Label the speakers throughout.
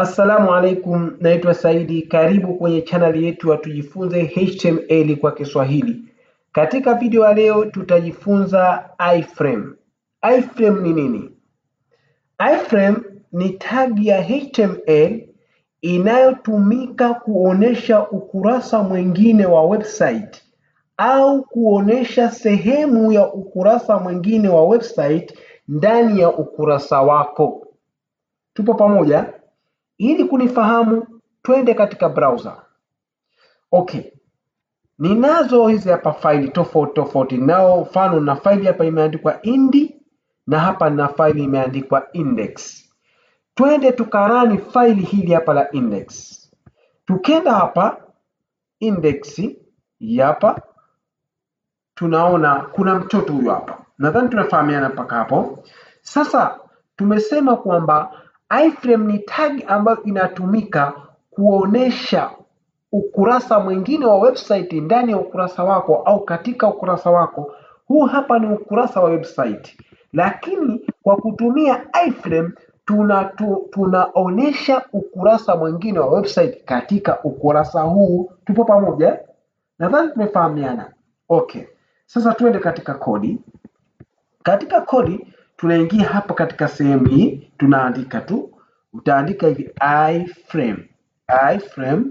Speaker 1: Assalamu alaikum, naitwa Saidi. Karibu kwenye chaneli yetu ya Tujifunze HTML kwa Kiswahili. Katika video ya leo tutajifunza iframe. Iframe ni nini? Iframe ni tag ya HTML inayotumika kuonesha ukurasa mwingine wa website au kuonesha sehemu ya ukurasa mwingine wa website ndani ya ukurasa wako. Tupo pamoja? Ili kunifahamu, twende katika browser. Okay, ninazo hizi hapa faili tofauti tofauti, nao mfano na faili hapa imeandikwa indi na hapa na faili imeandikwa index. Twende tukarani faili hili hapa la index. Tukenda hapa index hapa, tunaona kuna mtoto huyu hapa, nadhani tunafahamiana mpaka hapo. Sasa tumesema kwamba iframe ni tag ambayo inatumika kuonesha ukurasa mwingine wa website ndani ya ukurasa wako au katika ukurasa wako. Huu hapa ni ukurasa wa website, lakini kwa kutumia iframe tuna tu, tunaonesha ukurasa mwingine wa website katika ukurasa huu. Tupo pamoja? Nadhani tumefahamiana. Okay, sasa tuende katika kodi. Katika kodi tunaingia hapa katika sehemu hii, tunaandika tu, utaandika hivi iframe. Iframe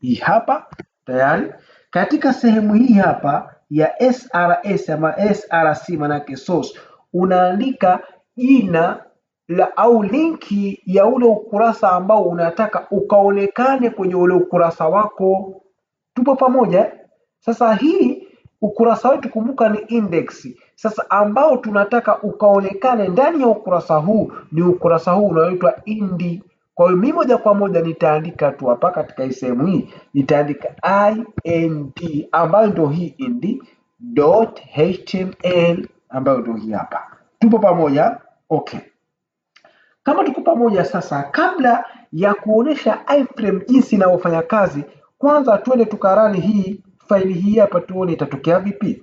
Speaker 1: hii hapa tayari. Katika sehemu hii hapa ya SRS ama SRC, manake source, unaandika jina la au linki ya ule ukurasa ambao unataka ukaonekane kwenye ule ukurasa wako. Tupo pamoja? Sasa hii Ukurasa wetu kumbuka ni index. Sasa ambao tunataka ukaonekane ndani ya ukurasa huu ni ukurasa huu unaoitwa indi. Kwa hiyo mimi moja kwa moja nitaandika tu hapa katika sehemu hii nitaandika ind ambayo ndio hii indi dot html ambayo ndio hii hapa. Tupo pamoja? Okay. Kama tuko pamoja sasa, kabla ya kuonesha iframe jinsi inavyofanya kazi, kwanza twende tukarani hii faili hii hapa, tuone itatokea vipi.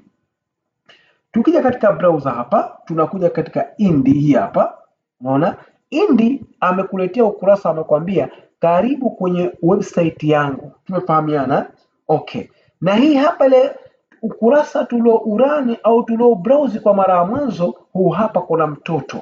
Speaker 1: Tukija katika browser hapa, tunakuja katika Indi hii hapa, unaona Indi amekuletea ukurasa, amekwambia karibu kwenye website yangu. Tumefahamiana okay. Na hii hapa ile ukurasa tulio urani au tulio browse kwa mara ya mwanzo, huu hapa kuna mtoto.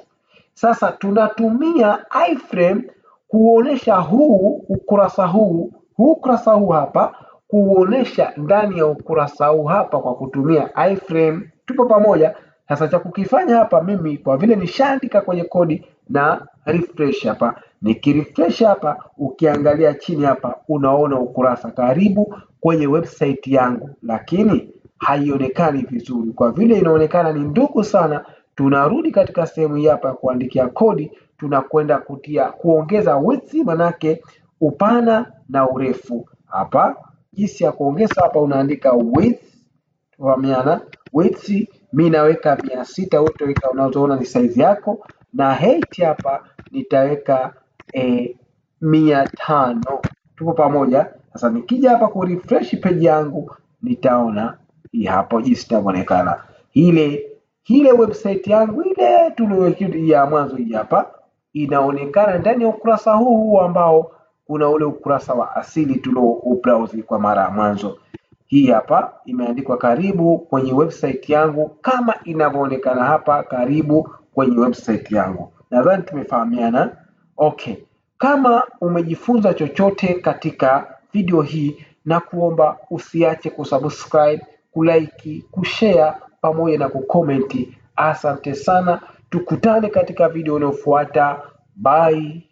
Speaker 1: Sasa tunatumia iframe kuonesha huu ukurasa huu huu ukurasa huu hapa kuonesha ndani ya ukurasa huu hapa kwa kutumia iframe. Tupo pamoja. Sasa cha kukifanya hapa mimi kwa vile nishaandika kwenye kodi na refresh hapa, nikirefresh hapa, ukiangalia chini hapa, unaona ukurasa karibu kwenye website yangu, lakini haionekani vizuri. Kwa vile inaonekana ni ndugu sana, tunarudi katika sehemu hii hapa ya kuandikia kodi, tunakwenda kutia kuongeza width, manake upana na urefu hapa jinsi ya kuongeza hapa unaandika with tufahamiana width mi naweka mia sita utaweka unazoona ni size yako na height hapa nitaweka e, mia tano tupo pamoja sasa nikija hapa ku refresh page yangu nitaona hii hapo jinsi itavyoonekana ile ile website yangu ile tuliyo ya mwanzo hii hapa inaonekana ndani ya ukurasa huu huu ambao kuna ule ukurasa wa asili tulio ubrowse kwa mara ya mwanzo. Hii hapa imeandikwa karibu kwenye website yangu, kama inavyoonekana hapa, karibu kwenye website yangu. Nadhani tumefahamiana. Okay, kama umejifunza chochote katika video hii, na kuomba usiache kusubscribe, kulike, kushare pamoja na kukomenti. Asante sana, tukutane katika video inayofuata. Bye.